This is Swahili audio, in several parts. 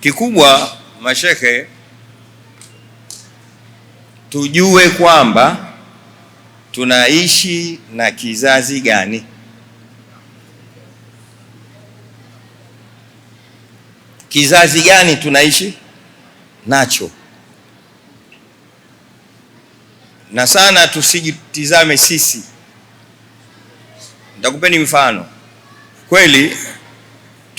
Kikubwa mashehe tujue kwamba tunaishi na kizazi gani. Kizazi gani tunaishi nacho, na sana tusijitizame sisi. Nitakupeni mfano kweli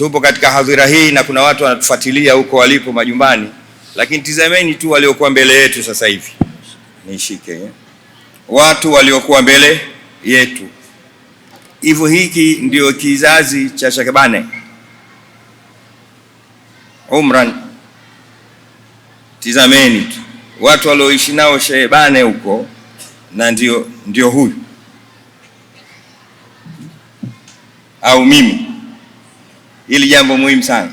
Tupo katika hadhira hii na kuna watu wanatufuatilia huko walipo majumbani, lakini tizameni tu waliokuwa mbele yetu sasa hivi. Nishike eh? Watu waliokuwa mbele yetu. Hivyo hiki ndio kizazi cha Shakabane Umran. Tizameni tu watu walioishi nao Shebane huko, na ndio ndio huyu au mimi Hili jambo muhimu sana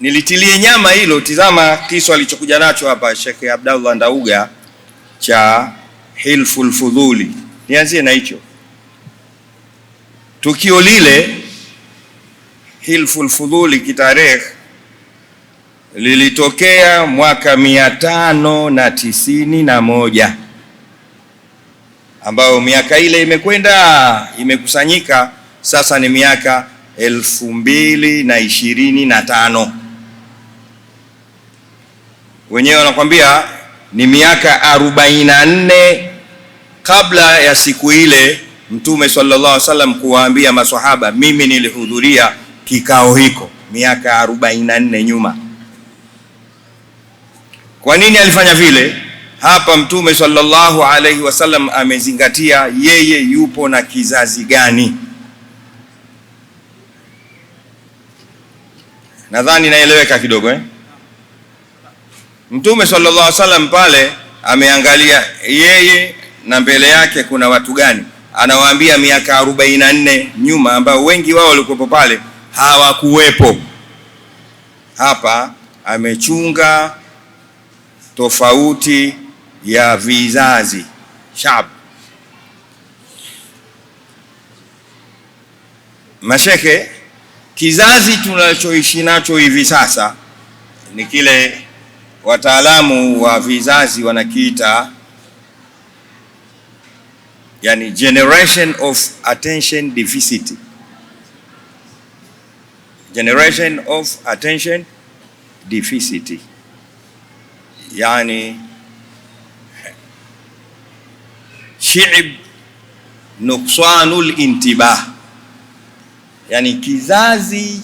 nilitilie nyama hilo. Tizama kisu alichokuja nacho hapa Sheikh Abdallah Ndauga cha Hilful Fudhuli. Nianzie na hicho tukio lile. Hilful Fudhuli kitarehe lilitokea mwaka mia tano na tisini na moja ambayo miaka ile imekwenda imekusanyika sasa ni miaka elfu mbili na ishirini na tano wenyewe wanakwambia ni miaka arobaini na nne kabla ya siku ile Mtume sallallahu alaihi wasallam kuwaambia maswahaba, mimi nilihudhuria kikao hiko miaka arobaini na nne nyuma. Kwa nini alifanya vile? Hapa Mtume sallallahu alaihi wasallam amezingatia yeye yupo na kizazi gani. Nadhani naeleweka kidogo eh? Mtume sallallahu alaihi wasallam pale ameangalia yeye na mbele yake kuna watu gani, anawaambia miaka 44 na nyuma, ambao wengi wao walikuwepo pale hawakuwepo hapa. Amechunga tofauti ya vizazi shab masheke Kizazi tunachoishi nacho hivi sasa ni kile wataalamu wa vizazi wanakiita yani generation of attention deficit, generation of attention deficit, yani shi'b nuqsanul intibah yani kizazi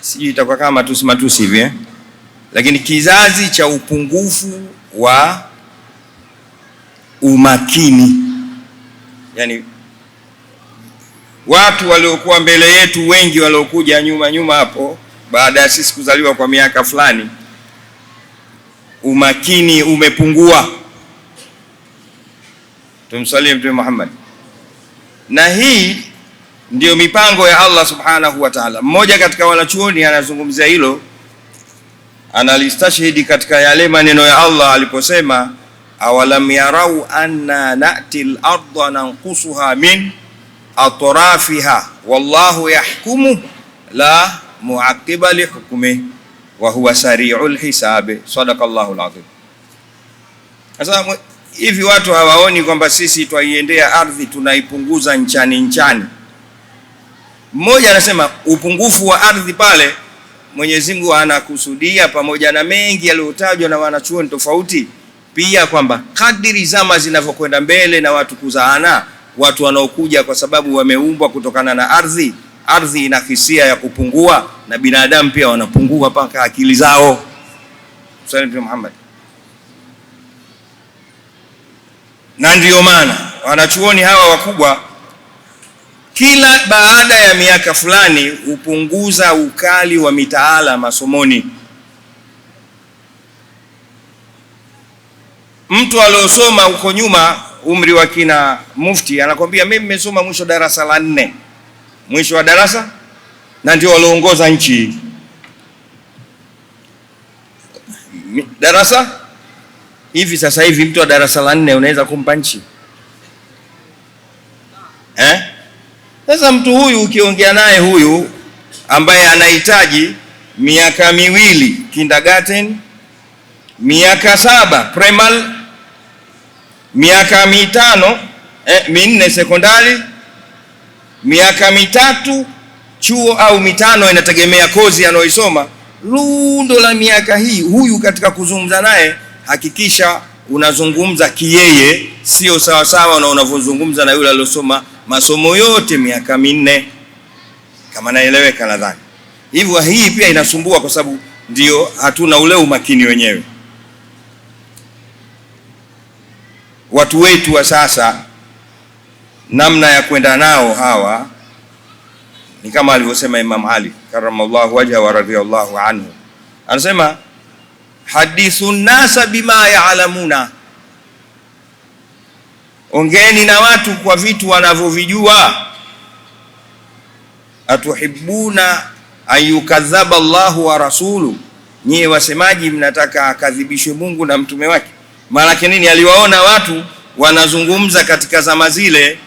sijui itakuwa kama matusi matusi hivi eh? Lakini kizazi cha upungufu wa umakini, yani watu waliokuwa mbele yetu wengi waliokuja nyuma nyuma hapo baada ya sisi kuzaliwa kwa miaka fulani, umakini umepungua. Tumsalie Mtume Muhammad na hii ndiyo mipango ya Allah subhanahu wa ta'ala. Mmoja katika wanachuoni anazungumzia hilo, analistashhidi katika yale maneno ya Allah aliposema, awalam yarau anna nati larda nanqusuha min atrafiha wallahu yahkumu la muaqiba lihukmi wa huwa sariul hisabi, sadakallahu alazim. Sasa hivi watu hawaoni kwamba sisi twaiendea ardhi tunaipunguza nchani nchani mmoja anasema upungufu wa ardhi pale Mwenyezi Mungu anakusudia pamoja na mengi yaliyotajwa na wanachuoni tofauti, pia kwamba kadiri zama zinavyokwenda mbele na watu kuzaana, watu wanaokuja kwa sababu wameumbwa kutokana na ardhi, ardhi ina hisia ya kupungua, na binadamu pia wanapungua mpaka akili zao. Muhammad na ndiyo maana wanachuoni hawa wakubwa kila baada ya miaka fulani hupunguza ukali wa mitaala masomoni. Mtu aliosoma huko nyuma, umri wa kina mufti, anakwambia mimi nimesoma mwisho darasa la nne, mwisho wa darasa, na ndio walioongoza nchi darasa hivi. Sasa hivi mtu wa darasa la nne unaweza kumpa nchi eh? Sasa mtu huyu ukiongea naye huyu ambaye anahitaji miaka miwili kindergarten, miaka saba primary, miaka mitano eh, minne sekondari, miaka mitatu chuo au mitano, inategemea kozi anayoisoma. Rundo la miaka hii, huyu katika kuzungumza naye, hakikisha unazungumza kiyeye, sio sawasawa na unavyozungumza na yule aliyosoma masomo yote miaka minne, kama naeleweka nadhani hivyo. Hii pia inasumbua kwa sababu ndio hatuna ule umakini wenyewe. Watu wetu wa sasa, namna ya kwenda nao hawa ni kama alivyosema Imam Ali karamallahu wajha wa radhiyallahu anhu, anasema hadithu nasa bima ya'lamuna Ongeeni na watu kwa vitu wanavyovijua. Atuhibbuna ayukadhaba Allahu wa rasulu, nyie wasemaji mnataka akadhibishwe Mungu na mtume wake. Maanake nini? Aliwaona watu wanazungumza katika zama zile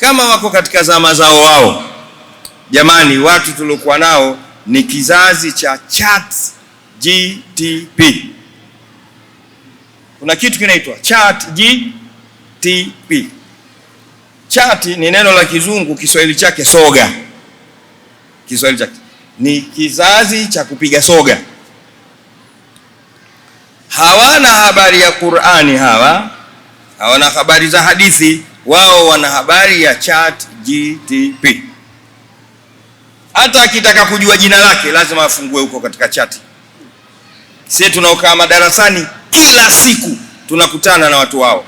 kama wako katika zama zao wao. Jamani, watu tuliokuwa nao ni kizazi cha chat GTP. Kuna kitu kinaitwa chat G TP. Chati ni neno la kizungu, Kiswahili chake soga. Kiswahili chake ni kizazi cha kupiga soga. Hawana habari ya Qur'ani, hawa hawana habari za hadithi, wao wana habari ya Chat GTP. Hata akitaka kujua jina lake lazima afungue huko katika chati. Sisi tunaokaa madarasani kila siku tunakutana na watu wao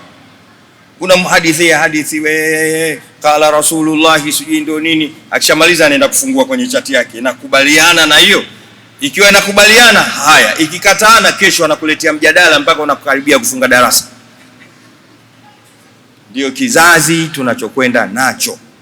unamhadithia hadithi we, qala rasulullahi sijui ndio nini. Akishamaliza anaenda kufungua kwenye chati yake, nakubaliana na hiyo. Ikiwa inakubaliana haya, ikikataana, kesho anakuletea mjadala mpaka unakaribia kufunga darasa. ndio kizazi tunachokwenda nacho.